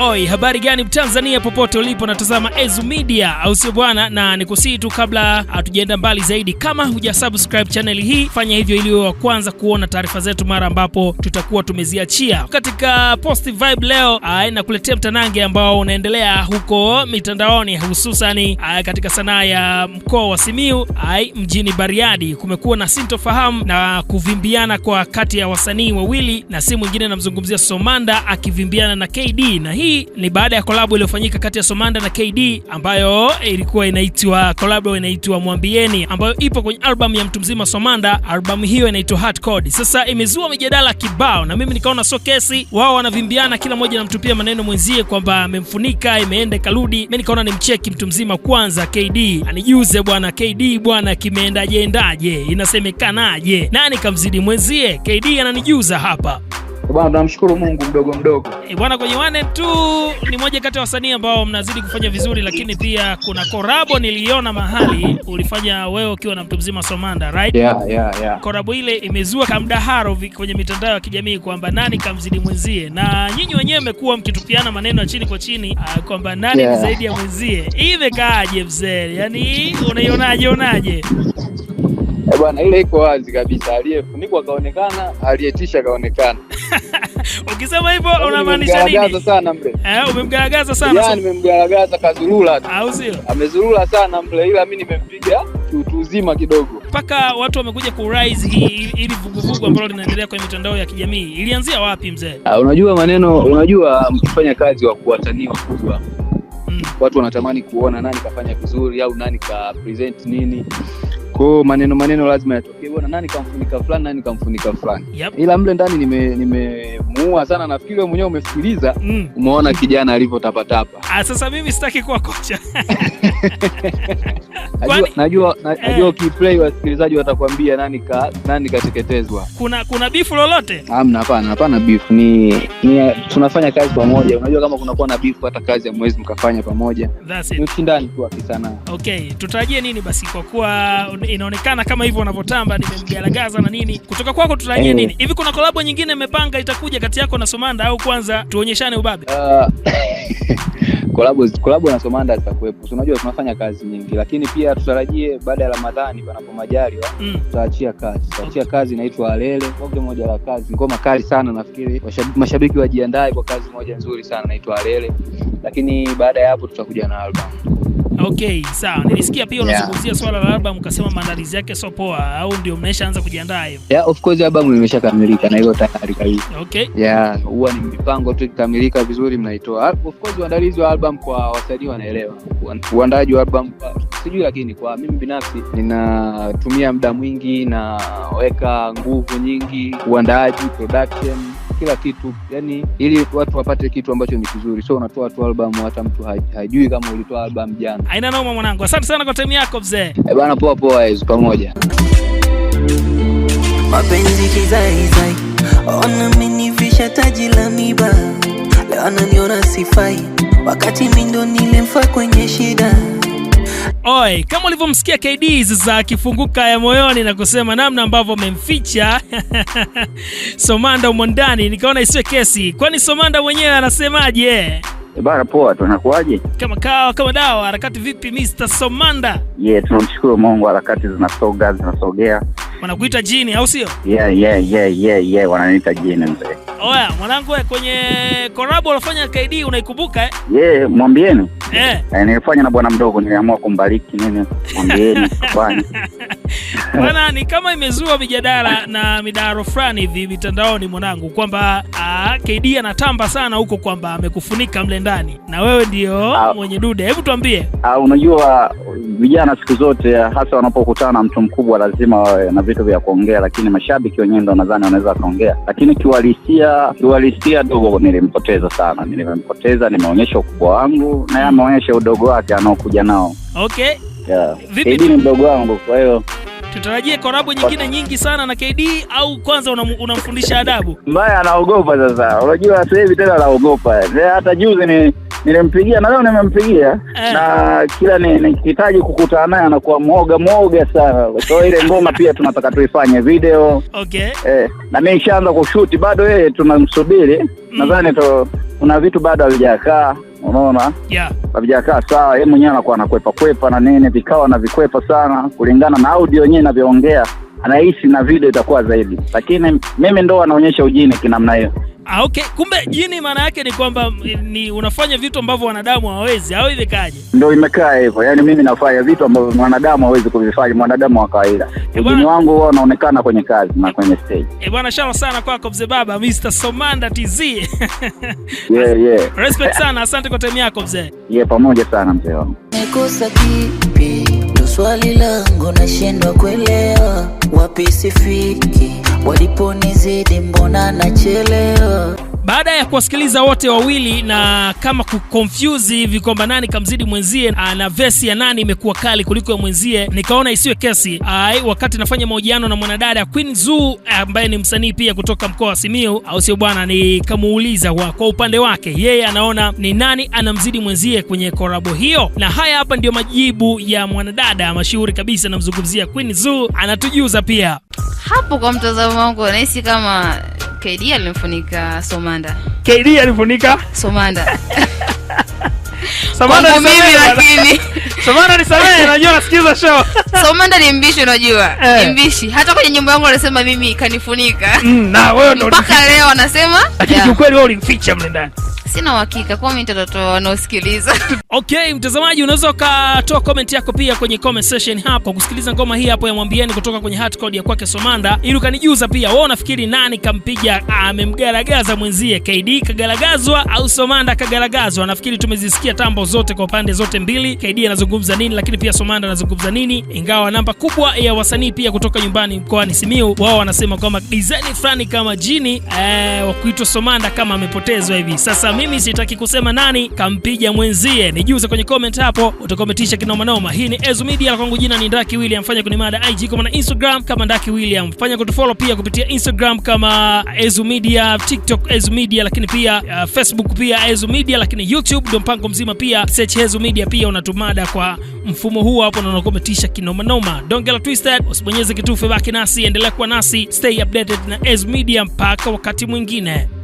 Oi, habari gani Mtanzania popote ulipo, natazama Ezu Media, au sio bwana? Na nikusii tu, kabla hatujaenda mbali zaidi, kama hujasubscribe channel hii, fanya hivyo ili wa kwanza kuona taarifa zetu mara ambapo tutakuwa tumeziachia. Katika post vibe leo ah, nakuletea mtanange ambao unaendelea huko mitandaoni, hususani ah, katika sanaa ya mkoa wa Simiu. Ai, ah, mjini Bariadi kumekuwa na sintofahamu na kuvimbiana kwa kati ya wasanii wawili, na si mwingine, namzungumzia Somanda akivimbiana na KD na hii hii ni baada ya kolabo iliyofanyika kati ya Somanda na KD ambayo ilikuwa inaitwa kolabo inaitwa Mwambieni ambayo ipo kwenye albamu ya mtu mzima Somanda. Albamu hiyo inaitwa Hard Code. Sasa imezua mijadala kibao, na mimi nikaona so kesi, wao wanavimbiana, kila mmoja anamtupia maneno mwenzie kwamba amemfunika, imeenda ikarudi. Mimi nikaona ni mcheki mtu mzima kwanza, KD anijuze bwana, KD bwana, kimeendaje endaje, inasemekanaje, nani kamzidi mwenzie? KD ananijuza hapa. Bwana, tunamshukuru Mungu mdogo mdogo. Eh, bwana, kwenye wane tu ni moja kati ya wasanii ambao mnazidi kufanya vizuri, lakini pia kuna korabo niliona mahali ulifanya wewe ukiwa na mtu mzima Somanda, right? Yeah, yeah, yeah. Korabo ile imezua kamdaharo kwenye mitandao ya kijamii kwamba nani kamzidi mwenzie, na nyinyi wenyewe mmekuwa mkitupiana maneno ya chini kwa chini ah, kwamba nani yeah, zaidi ya mwenzie. Imekaaje mzee? Yaani unaionaje, unaje? Eh, bwana, ile iko wazi kabisa, aliyefunikwa kaonekana, aliyetisha kaonekana. Ukisema hivyo yaani unamaanisha nini? sana mle eh, umemgaragaza sana Yaani nimemgaragaza kazurula tu, au sio? Amezurula sana mle, ila mimi nimempiga kutuzima kidogo, mpaka watu wamekuja ku rise hii ili vuguvugu ambalo linaendelea kwenye mitandao ya kijamii. Ilianzia wapi mzee? Ah, unajua maneno, unajua mkifanya kazi wa kuwatania wakubwa mm. watu wanatamani kuona nani kafanya vizuri au nani ka present nini kwao maneno maneno lazima yatokee bwana nani kamfunika fulani nani kamfunika fulani yep. ila mle ndani nimemuua nime, sana nafikiri wewe mwenyewe umesikiliza mm. umeona kijana alivyotapatapa ah, sasa mimi sitaki kuwa kocha Yaani, eh, najua, ukiplay wasikilizaji watakwambia nani ka, nani kateketezwa. Kuna kuna bifu lolote? amna hapana, hapana bifu. Ni, ni tunafanya kazi pamoja. Unajua kama kunakuwa na bifu hata kazi mwezi mkafanya pamoja. Ni ushindani tu kisanaa. Okay, tutarajie nini basi kwa kuwa inaonekana kama hivyo unavyotamba nimemgaragaza na nini? Kutoka kwako tutarajie eh. nini? Hivi kuna collab nyingine imepanga itakuja kati yako na Somanda au kwanza tuonyeshane ubabe? Uh, kolabo kolabo na Somanda zitakuwepo. Unajua tunafanya kazi nyingi, lakini pia tutarajie baada ya Ramadhani, panapo majari mm. tutaachia mm. kazi tutaachia okay. kazi inaitwa Alele, bonge moja la kazi, ngoma kali sana. Nafikiri mashabiki wajiandae kwa kazi moja nzuri sana naitwa Alele, lakini baada ya hapo tutakuja na albamu Okay, sawa. Nilisikia pia unazungumzia yeah, swala la album ukasema maandalizi yake sio poa, au ndio mmeshaanza kujiandaa hiyo? Yeah, of course album imeshakamilika na hiyo tayari kabisa. Okay. Yeah, huwa ni mipango tu ikamilika vizuri mnaitoa. Of course uandalizi wa album kwa wasanii wanaelewa. uandaji wa album uh, sijui, lakini kwa mimi binafsi ninatumia muda mwingi na weka nguvu nyingi uandaaji, production kila kitu yani, ili watu wapate kitu ambacho ni kizuri, so unatoa tu album, hata mtu hajui kama ulitoa album jana. aina noma mwanangu, asante sana kwa time yako mzee. Eh bana, poa poa hizo pamoja. Mapenzi kizaizai, ona minivisha taji la miba, leo ananiona sifai, wakati mindo nilemfa kwenye shida Oi, kama ulivyomsikia KD sasa akifunguka ya moyoni na kusema namna ambavyo amemficha Somanda umondani nikaona isiwe kesi. Kwani Somanda mwenyewe anasemaje? E bana, poa tu, nakuaje? Kama kawa kama dawa. Harakati vipi Mr. Somanda? yeah, tunamshukuru Mungu, harakati zinasoga zinasogea wanakuita jini au sio? Yeah, yeah, yeah, yeah, yeah, wananiita jini mzee. Oya mwanangu, kwenye collabo ulofanya KD unaikumbuka eh? Yeah, mwambieni eh. eh. nilifanya na bwana mdogo, niliamua kumbariki nini, mwambieni Bwana, ni kama imezua mijadala na midaro fulani hivi mitandaoni mwanangu, kwamba ah, KD anatamba sana huko, kwamba amekufunika mle ndani na wewe ndio ah. mwenye dude. Hebu tuambie. Ah, unajua vijana siku zote hasa wanapokutana na mtu mkubwa lazima wawe na vitu vya kuongea, lakini mashabiki wenyewe ndo nadhani wanaweza wakaongea, lakini kiuhalisia, kiuhalisia dogo nilimpoteza sana, nilimpoteza, nimeonyesha ukubwa wangu na ameonyesha udogo wake anaokuja nao. Okay, yeah. Vipi ni mdogo wangu, kwa hiyo tutarajie korabu nyingine nyingi sana na KD au kwanza unamfundisha una adabu? Mbaya anaogopa sasa, unajua sasa hivi tena anaogopa. Hata juzi ni nilimpigia na leo nimempigia eh, na kila nikihitaji kukutana naye anakuwa mwoga mwoga sana. So ile ngoma pia tunataka tuifanye video okay. Eh, na mimi nishaanza kushuti bado, yeye tunamsubiri mm. Nadhani kuna vitu bado havijakaa unaona yeah. sawa, ye mwenyewe anakuwa anakwepa kwepa na nini, na vikwepa sana, kulingana na audio yenyewe inavyoongea anahisi na video itakuwa zaidi, lakini mimi ndo anaonyesha ujini kinamna hiyo. Ah, okay. Kumbe jini maana yake ni kwamba eh, ni unafanya vitu ambavyo wanadamu hawawezi au ivikaje? Ndio imekaa hivyo, yaani mimi nafanya vitu ambavyo mwanadamu hawezi kuvifanya, mwanadamu wa kawaida. Eh, Ujini wangu huwa unaonekana kwenye kazi na kwenye stage. Eh, bwana shala sana kwako mzee baba Mr. Somanda TZ. yeah, yeah. Respect sana, asante kwa time yako mzee. Yeah, pamoja sana mzee wangu. Nikosa kipi? Swali langu nashindwa kuelewa, wapi sifiki, waliponizidi mbona nachelewa? Baada ya kuwasikiliza wote wawili na kama kukonfyuzi hivi kwamba nani kamzidi mwenzie ah, na vesi ya nani imekuwa kali kuliko ya mwenzie, nikaona isiwe kesi ai. Wakati nafanya mahojiano na mwanadada Queen Zuu ambaye ni msanii pia kutoka mkoa wa simiu au sio bwana, nikamuuliza kwa upande wake yeye anaona ni nani anamzidi mwenzie kwenye korabo hiyo, na haya hapa ndio majibu ya mwanadada mashuhuri kabisa, namzungumzia Queen Zuu, anatujuza pia hapo. Kwa mtazamo wangu, anahisi kama KD alimfunika Somanda. KD alimfunika Somanda. Somanda ni mimi lakini. Somanda ni sahihi, unajua nasikiza show. Somanda ni mbishi unajua. Eh. Ni mbishi. Hata kwenye nyumba yangu anasema mimi kanifunika. Mm, na wewe ndio. Mpaka leo anasema. Lakini ukweli wewe ulimficha mle ndani. Sina uhakika kwa mimi watoto wanaosikiliza. Okay, mtazamaji unaweza ukatoa comment yako pia kwenye comment section hapo kusikiliza ngoma hii hapo ya Mwambieni kutoka kwenye Code ya kwake Somanda, ili ukanijuza pia wewe unafikiri nani kampiga ah, amemgaragaza mwenzie, KD kagaragazwa au Somanda kagaragazwa? Nafikiri tumezisikia tambo zote kwa pande zote mbili, KD anazungumza nini, lakini pia Somanda anazungumza nini, ingawa namba kubwa ya wasanii pia kutoka nyumbani mkoani Simiu wao wanasema kwamba design fulani kama jini eh, wa kuitwa Somanda kama amepotezwa hivi sasa mimi sitaki kusema nani kampija mwenzie, nijuze kwenye comment hapo, utakometisha kinomanoma Hii ni Ezu Media, kwangu jina ni Ndaki William, fanya mada IG kama na Instagram kama Ndaki William, fanya kutufollow pia kupitia Instagram kama Ezu Media, TikTok Ezu Media, lakini pia uh, Facebook pia Ezu Media, lakini YouTube ndo mpango mzima pia search Ezu Media, pia unatumada kwa mfumo huo hapo na unakometisha kinoma noma. Don't get twisted, usibonyeze kitufe, baki nasi, endelea kuwa nasi, stay updated na Ezu Media mpaka wakati mwingine.